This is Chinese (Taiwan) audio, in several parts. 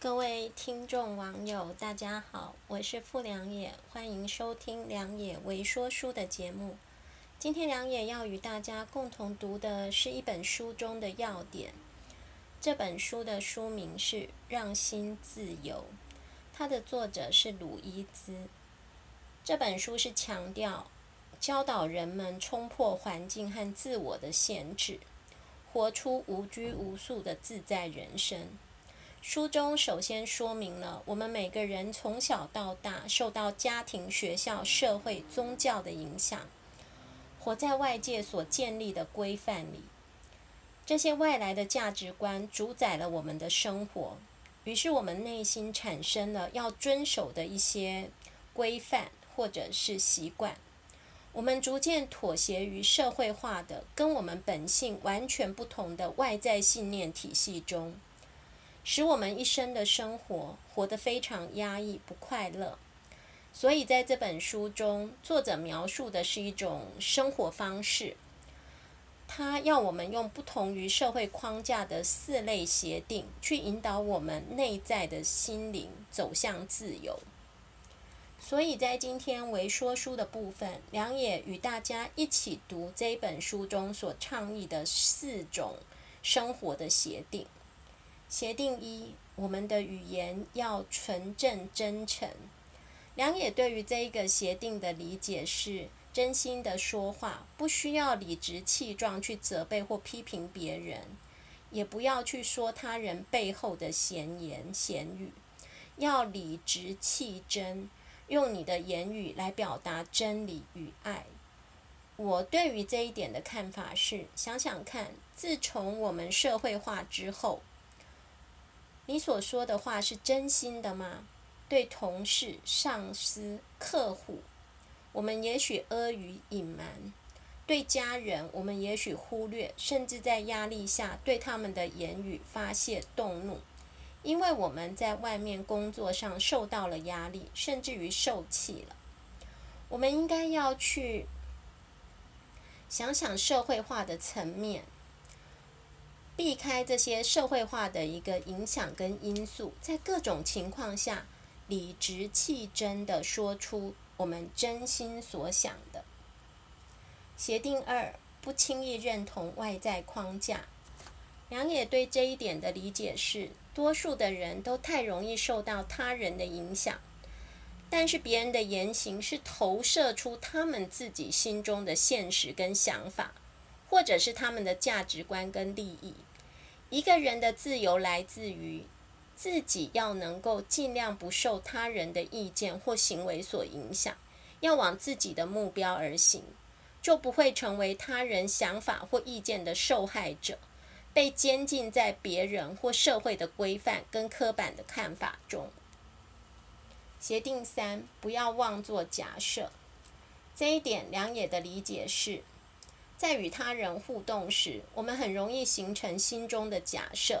各位聽眾網友，大家好，我是傅良也，歡迎收聽良也微說書的節目。今天良野良也要與大家共同讀的是一本書中的要點。這本書的書名是《讓心自由》，它的作者是魯伊茲。這本書是強調教導人們衝破環境和自我的限制，活出無拘無束的自在人生。書中首先說明了，我們每個人從小到大受到家庭、學校、社會、宗教的影響，活在外界所建立的規範裡。這些外來的價值觀主宰了我們的生活，於是我們內心產生了要遵守的一些規範或者是習慣。我們逐漸妥協於社會化的、跟我們本性完全不同的外在信念體系中。使我們一生的生活活得非常壓抑、不快樂。所以，在這本書中，作者描述的是一種生活方式。它要我們用不同於社會框架的四類協定，去引導我們內在的心靈走向自由。所以在今天微說書的部分，良也與大家一起讀這本書中所倡議的四種生活的協定。協定一，我們的語言要純正真誠。良也對於這一個協定的理解是：真心的說話，不需要理直氣壯去責備或批評別人，也不要去說他人背後的閒言閒語，要理直氣真，用你的言語來表達真理與愛。我對於這一點的看法是：想想看，自從我們社會化之後。你所說的話是真心的嗎？對同事、上司、客戶，我們也許阿諛隱瞞；對家人，我們也許忽略，甚至在壓力下對他們的言語發洩、動怒，因為我們在外面工作上受到了壓力，甚至於受氣了。我們應該要去想想社會化的層面。避開這些社會化的一個影響跟因素，在各種情況下理直氣真的說出我們真心所想的。協定二，不輕易認同外在框架。良也對這一點的理解是，多數的人都太容易受到他人的影響，但是別人的言行是投射出他們自己心中的現實跟想法。或者是他們的價值觀跟利益。一個人的自由來自於自己要能夠盡量不受他人的意見或行為所影響，要往自己的目標而行，就不會成為他人想法或意見的受害者，被監禁在別人或社會的規範跟刻板的看法中。協定三，不要妄作假設。這一點，良也的理解是。在與他人互動時，我們很容易形成心中的假設，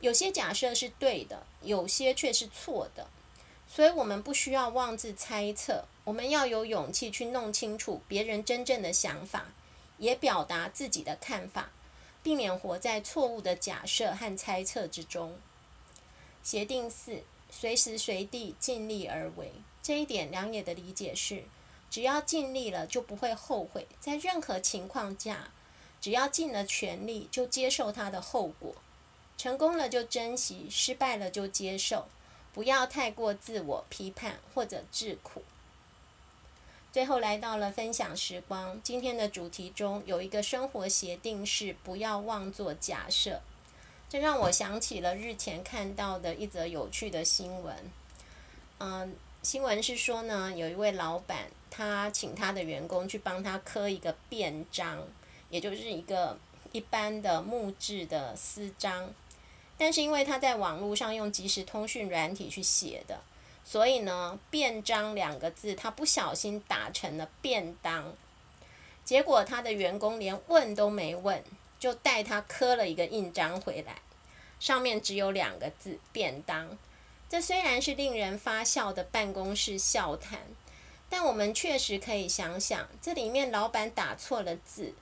有些假設是對的，有些卻是錯的。所以，我們不需要妄自猜測，我們要有勇氣去弄清楚別人真正的想法，也表達自己的看法，避免活在錯誤的假設和猜測之中。協定四：隨時隨地盡力而為。這一點，良也的理解是。只要盡力了，就不會後悔。在任何情況下，只要盡了全力，就接受它的後果。成功了就珍惜，失敗了就接受，不要太過自我批判或者自苦。最後來到了分享時光，今天的主題中有一個生活協定是不要妄作假設，這讓我想起了日前看到的一則有趣的新聞。嗯，新聞是說呢，有一位老闆。他請他的員工去幫他刻一個便章，也就是一個一般的木質的私章，但是因為他在網絡上用即時通訊軟體去寫的，所以呢，便章兩個字他不小心打成了便當，結果他的員工連問都沒問，就代他刻了一個印章回來，上面只有兩個字便當。這雖然是令人發笑的辦公室笑談，但我們確實可以想想，這裡面老闆打錯了字，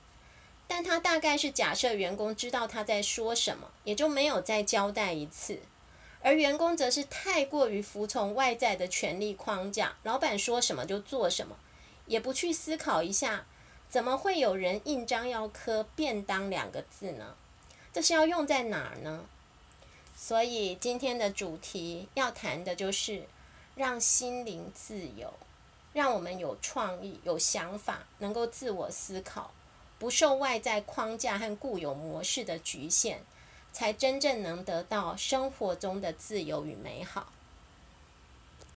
但他大概是假設員工知道他在說什麼，也就沒有再交代一次。而員工則是太過於服從外在的權力框架，老闆說什麼就做什麼，也不去思考一下，怎麼會有人印章要刻“便當”兩個字呢？這是要用在哪兒呢？所以今天的主題要談的就是讓心靈自由。讓我們有創意、有想法，能夠自我思考，不受外在框架和固有模式的侷限，才真正能得到生活中的自由與美好。